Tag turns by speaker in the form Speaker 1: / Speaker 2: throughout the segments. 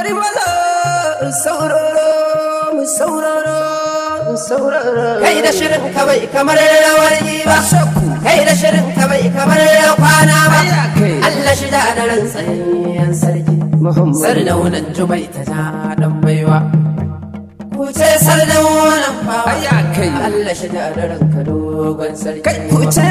Speaker 1: bari maza sauraro mu sauraro mu kai da shirin kawai kamar rawar ba kai da shirin kawai kamar kwana ba Allah shi da ran tsayen sarki Muhammad sarnaunan ta dan baiwa kuce sardaunan bawa Allah shi da daren ka dogon sarki kai kuce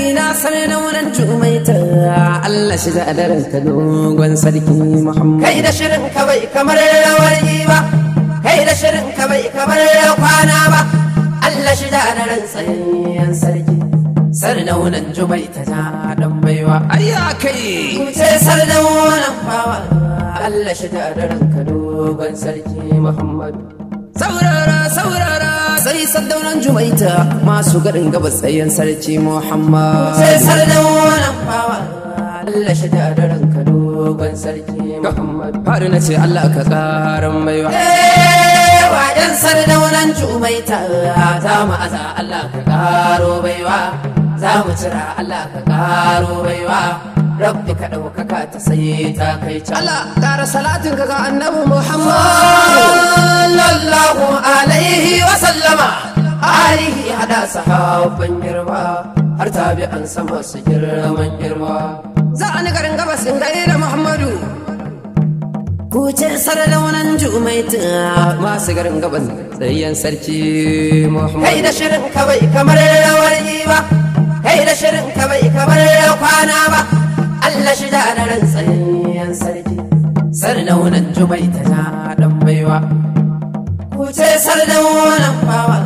Speaker 1: ina sardaunan jumaita Allah shi da daren ka dogon sarki Muhammad kai da shirin ka bai kamar rawani ba
Speaker 2: kai da shirin ka bai kamar kwana ba
Speaker 1: Allah shi da daren tsayen sarki wannan jumaita ta dan baiwa ayya kai kuce sardaunan bawa Allah shi da daren ka dogon sarki Muhammad saurara saurara sai saddaunan jumaita masu garin gabas tsayen sarki muhammad sai sardaunan bawa Allah shi da daren kado dogon sarki muhammad fari na ce Allah ka karan baiwa eh, wajen sardaunan jumaita za mu aza Allah ka karo baiwa za mu cira Allah ka karo baiwa rabbi ka ɗaukaka ta saye ta kai can Allah ƙara salatin ka ga annabi Muhammad sallallahu alaihi wa sallama alihi hada sahabban girma har tabi'an sama su girman girma za a ni garin gabas in gari da Muhammadu kuce sarraunan jumaitin masu garin gabas tsayayyen sarki Muhammadu kai da shirin ka bai kamar rawar ba kai da shirin ka bai kamar kwana ba Allah shi da ranar tsayayyen sarki sarnaunan jumai ta ja dan baiwa kuce sarnaunan bawa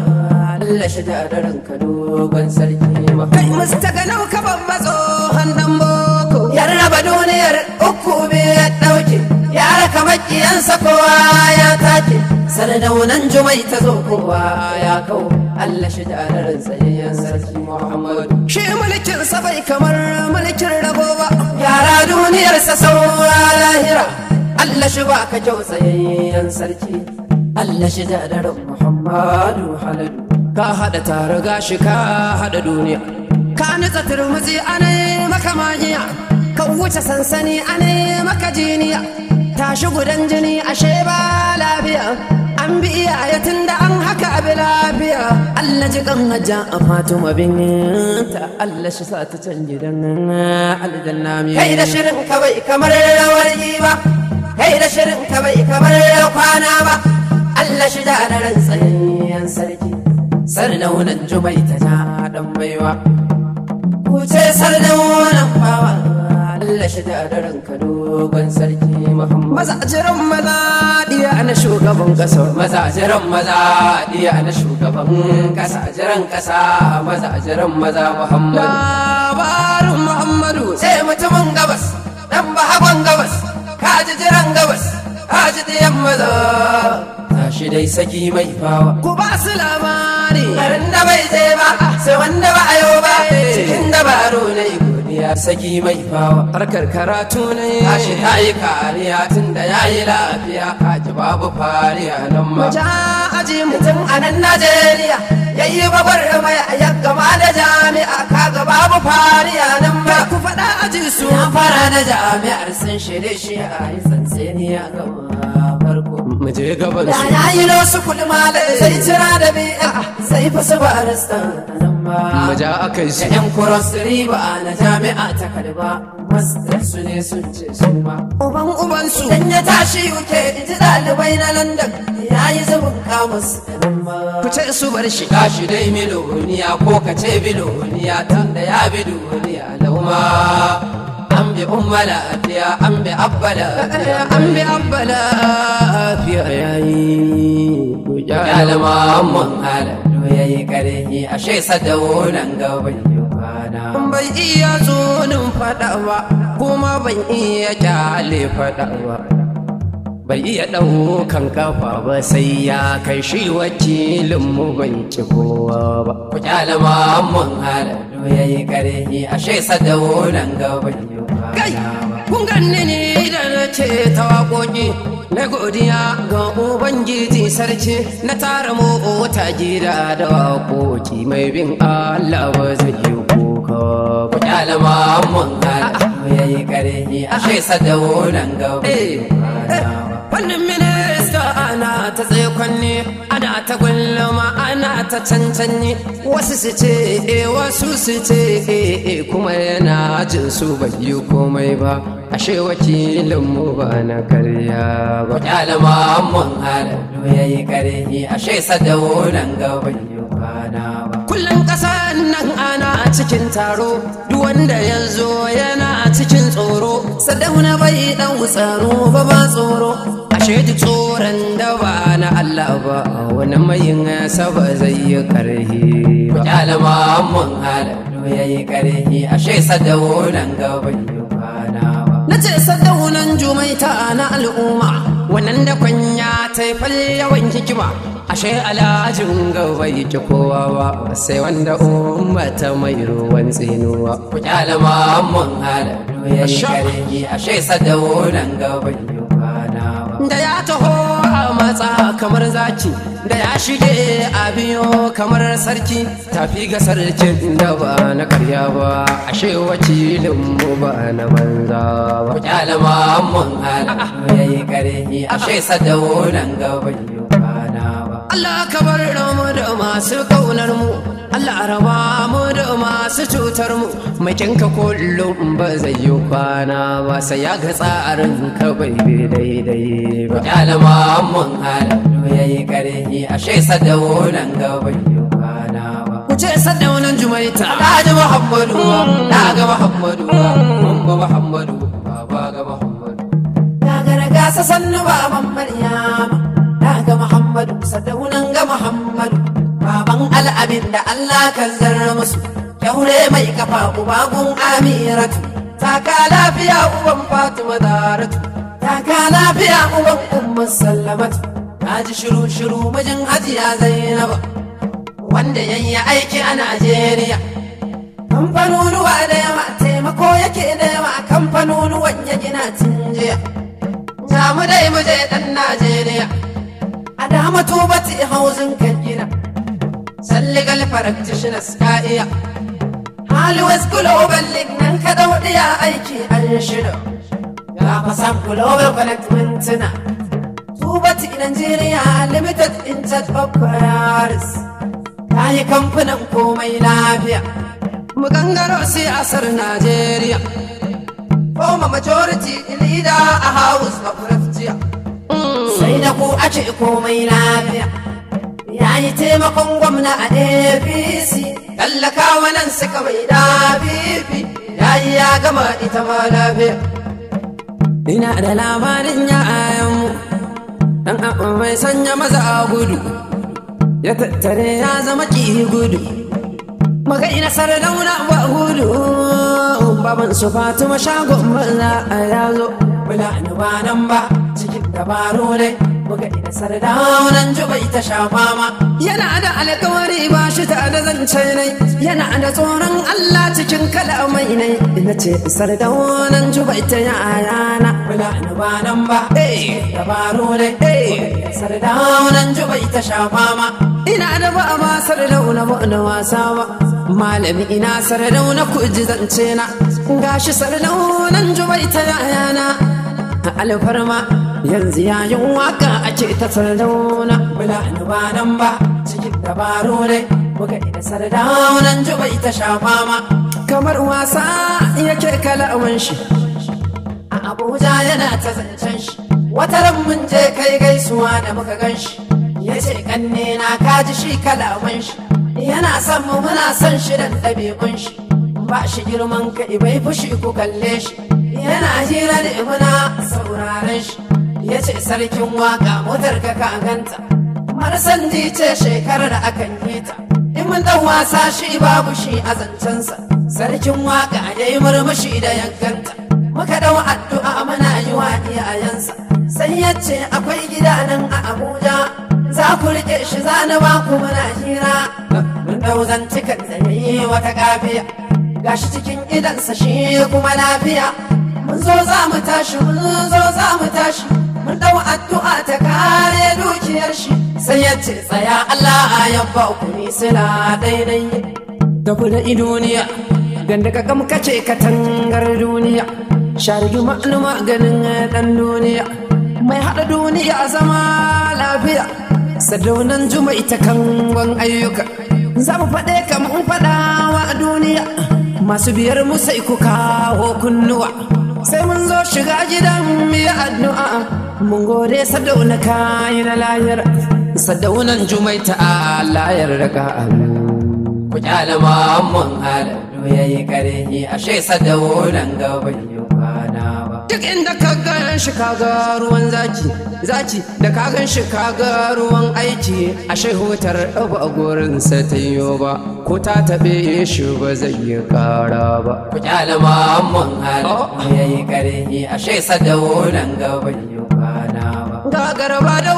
Speaker 1: Allah shi da ranar ka dogon sarki ma kai mustaka nauka ban matso handan boko yar raba duniyar uku be ya dauke yara kamar kiyansa kowa ya take sarnaunan jumai ta zo kowa ya kawo Allah shi da ranar tsayayyen sarki Muhammadu shi mulkin sa bai kamar mulkin duniyarsa saura lahira Allah shi ba ka kyautsayayyen sarki Allah shi da daren Muhammadu Halilu ka haɗa tare gashi ka haɗa duniya ka nutsa turmuzi anai maka magiya ka wuce sansani a anai maka jiniya tashi gudan jini ashe ba lafiya an bi iyaye tun da an haka abi lafiya Allah ji kan hajja a Fatima ta Allah shi sa ta can gidan aljanna mi kai da shirin ka bai kamar rawar ba kai da shirin ka bai kamar kwana ba Allah shi da ran tsayayyen sarki sarnaunan jumai ta ja dan baiwa ku ce sarnaunan bawa Allah shi da daren ka sarki Muhammad mazajiran maza diya na shugaban kasa mazajiran maza diya na shugaban kasa jiran kasa mazajiran maza Muhammad labarin Muhammadu sai mutumin gabas dan bahagon gabas kaji jiran gabas kaji diyan maza tashi dai saki mai fawa ku ba su labari garin da bai je ba sai wanda ba a yau ba cikin dabaru na iku ya saki mai fawa harkar karatu ne tashi ta yi kariya tun da ya yi lafiya ka ji babu fariya nan ma ja aji mutum a nan najeriya yayi babar mai a yagga ma da jami'a ka ga babu fariya nan ma su an fara na jami'ar sun shirye shi a yi tsantseni a gama farko mu gaban su da yi wasu kuɗi malam sai cira da bi'a sai fa su ba rasta nan ba. ja a kai su da yan kuros riba na jami'a ta kalba mastar su ne sun ce su ma uban uban su dan ya tashi uke in ji ɗalibai na london ya yi zubin kamus ku ce su bar shi shi dai miloniya ko ka ce biloniya tun da ya bi duniya lauma an bi umma lafiya an bi abba lafiya an bi abba lafiya yayi to jalama mun halallo yayi karhi ashe sadaunan gaban yubana bai iya tsonin fada ba kuma ban iya kyale fada ba bai iya kan kafa ba sai ya kai shi wacce mu ban ci kowa ba. Ku kyalama mun halar ya yi ni ashe sadaunan gaban ce ta waƙoƙi na godiya ga ubangiji sarki na tara mota gida da waƙoƙi mai bin Allah ba zai yi kuka ba kyalama mun gana ah, ah. ya yi ƙarfi a ah, shaisa sadawo nan gaba wannan eh, eh. minista ana ta tsaye kwanne ana ta gullama ta cancanyi wasu su ce e wasu su ce e e kuma yana jin su bai yi komai ba ashe wakilin mu ba na karya ba lama mun halallo ya yi karhi ashe sadaunan ga bai yi kwana ba kullum kasa nan ana a cikin taro duk wanda ya zo yana a cikin tsoro sadauna bai dan tsaro ba ba tsoro she tsoron da ba na Allah ba wani mai mayin saba zai yi karhi ba jalama mun ya yi karhi ashe sadawunan gaban kwana ba Na nace sadawunan jumaita na al'umma wannan da kwanya ta yawan hikima ashe alajin gaba ki kowa ba sai wanda umarta mai ruwan tsinuwa ku kyalama mun ya yi karhi ashe sadawunan gaban da ya taho a matsa kamar zaki da ya shige a biyo kamar sarki tafi ga sarkin da ba na karya ba ashe cilin mu ba na banza ba kyalama mun hala yayi karhi ashe sadaunan gaba ba na ba Allah ka bar mu da masu kaunar mu Allah araba mu da masu cutar mu kinka kullum ba zai yi kwana ba sai ya ga tsarin ka bai bi daidai ba yalama mun halallu yayi a ashe sadaunan ga bai yi kwana ba ku ce sadaunan jumaita ga muhammadu na ga muhammadu mun ba muhammadu baba ga muhammadu na ga ragasa sannu baban maryama na ga muhammadu sadaunan abin da Allah kan zarra musu kyaure mai kafa ubagun amiratu taka lafiya uban fatima daratu taka lafiya uban umman sallamatu ta ji shiru shiru mijin hajiya zainaba wanda yayi aiki a najeriya
Speaker 2: kamfanonuwa da yawa
Speaker 1: taimako yake da yawa kamfanonuwan ya gina tun ta mu dai mu je dan najeriya a dama tuba ti hauzin kan gina sallegal practitioners ka iya always global link nan ka aiki an shida ya fa sam global connectment na tubati nigeria limited in chat paris ta yi kamfanin komai lafiya mu gangaro najeriya former majority leader a house of jiya. sai da ku a ce komai lafiya ya yi taimakon gwamna a apc tallakawa nan suka mai da bibi ya yi ya gama ita ma lafiya ina da labarin ya ayanmu dan abu sanya maza a gudu ya tattare ya zama ki gudu maka ina sardauna ba gudu baban su fatima shagon maza a yazo bula ni ba nan ba cikin dabaru dai buga ina sardaunan juba ita sha fama yana da alƙawari ba shi ta da zance ne yana da tsoron Allah cikin kalamai ne ina ce sardaunan juba ita ya ayana bula na ba nan ba eh dabaru ne eh sardaunan juba ita sha fama ina da ba ma sardauna ba na wasa ba malami ina sardauna ku ji zance na gashi sardauna nan juba ita ya ayana alfarma yanzu yayin waka ake ta sardauna bula ni ba nan ba cikin dabaru ne muka ina sardaunan ji bai ta shafa ma kamar wasa yake kalawan shi a abuja yana ta zancen shi wata ran mun je kai gaisuwa da muka gan shi ya ce kanne na kaji shi kalawan shi yana son mu muna son shi da ɗabi'un shi ba shi girman kai bai fushi ku kalle shi yana hira da muna sauraren shi ya ce sarkin waka motar ka ka ganta marasan ce shekarar da akan yi ta in mun dan wasa shi babu shi a zancensa sarkin waka ya yi murmushi da yankanta muka dau addu'a muna yi wa iyayensa sai ya ce akwai gida nan a abuja za ku riƙe shi za na ba ku muna hira mun dau da ya yi wata kafiya gashi cikin idansa shi kuma lafiya mun zo za mu tashi mun zo za mu tashi mun dau addu'a ta kare dukiyar shi sai ya ce tsaya Allah ya ba ku ni sila daidai da idoniya ganda ka kam kace katangar duniya sharju ma'luma ganin dan duniya mai hada duniya zama lafiya sadaunan juma ita kangon ayyuka za mu faɗe kamar faɗawa a duniya masu biyar mu ku kawo kunnuwa sai mun zo shiga gidan mu yi addu'a mun gode sadauna kayi na layar sadaunan jumai ta layar raka abu ku kyalama mun halarru ya yi karhi ashe sadaunan ga bayyo kwana ba duk inda ka gan shi ga ruwan zaki zaki da ka gan shi ga ruwan aiki ashe hutar a gurin sa ta yiwu ba ko ta taɓe shi ba zai yi ƙara ba ku kyalama mun halarru ya yi karhi ashe sadaunan ga bayyo garba da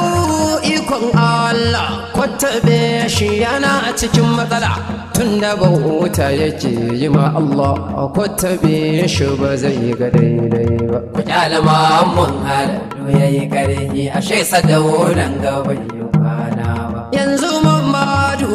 Speaker 1: ikon Allah kwatabe shi yana cikin matsala tun da bauta yake yi ma Allah kwatabe shi ba zai ga daidai ba ku kyalama mun halar ya yi ƙarfi ashe sadaunan gabai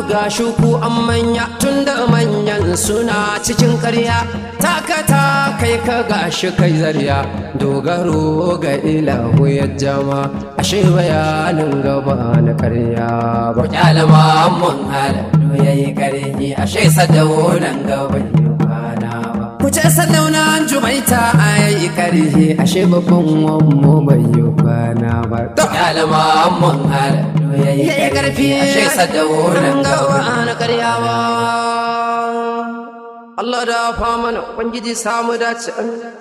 Speaker 1: ga shuku an manya tun da manyan suna cikin karya takata kai ka gashi kai zarya dogaro ga ilahu ya jama ashe bayanin gaba na karya ba kyalama mun halar ya yi karfi ashe sadaunan gaba. ku ce sannaunan jumaita a yayi karhe ashe babban wanmu bai yi kwana ba to yalama mun halattu yayi karfi ashe sadaunan gawa na karyawa Allah da fa mana ubangiji samu dace amin